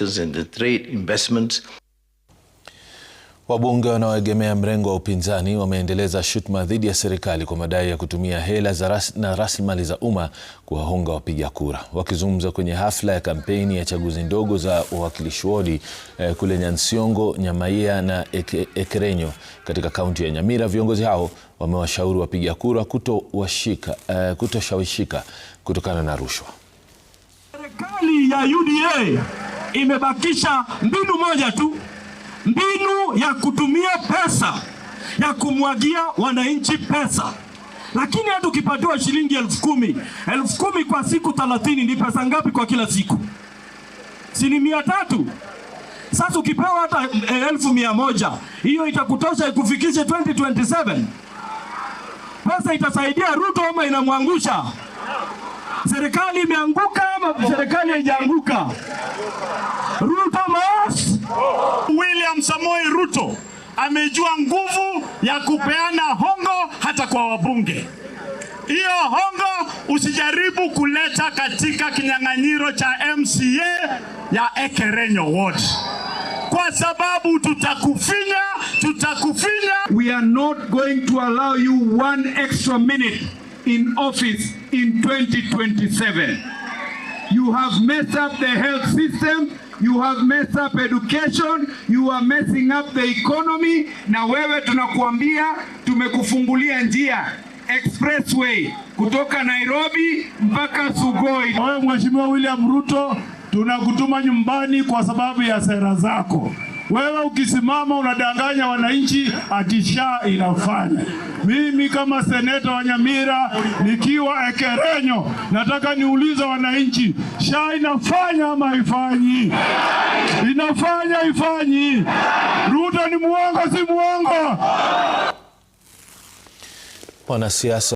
and the trade investments. Wabunge wanaoegemea mrengo wa upinzani wameendeleza shutuma dhidi ya serikali kwa madai ya kutumia hela za ras, na rasilimali za umma kuwahonga wapiga kura. Wakizungumza kwenye hafla ya kampeni ya chaguzi ndogo za uwakilishi wodi eh, kule Nyansiongo, Nyamaia na Ekerenyo katika kaunti ya Nyamira, viongozi hao wamewashauri wapiga kura eh, kutoshawishika eh, kuto kutokana na rushwa. Serikali ya UDA imebakisha mbinu moja tu, mbinu ya kutumia pesa ya kumwagia wananchi pesa. Lakini hata ukipatiwa shilingi elfu kumi elfu kumi kwa siku thelathini ni pesa ngapi kwa kila siku? Si ni mia tatu? Sasa ukipewa hata eh, elfu mia moja hiyo itakutosha ikufikishe 2027? Pesa itasaidia Ruto ama inamwangusha? Serikali imeanguka ama serikali haijaanguka? Ruto mas William Samoei Ruto amejua nguvu ya kupeana hongo hata kwa wabunge. Hiyo hongo usijaribu kuleta katika kinyang'anyiro cha MCA ya Ekerenyo Ward kwa sababu tutakufinya, tutakufinya. We are not going to allow you one extra minute in office in 2027. You have messed up the health system, you have messed up education, you are messing up the economy. Na wewe tunakuambia tumekufungulia njia expressway kutoka Nairobi mpaka Sugoi. Wewe Mheshimiwa William Ruto, tunakutuma nyumbani kwa sababu ya sera zako. Wewe ukisimama unadanganya wananchi ati SHA inafanya. Mimi kama seneta wa Nyamira nikiwa Ekerenyo, nataka niulize wananchi, SHA inafanya ama haifanyi? Inafanya, ifanyi? Ruto ni muongo, si muongo? Wanasiasa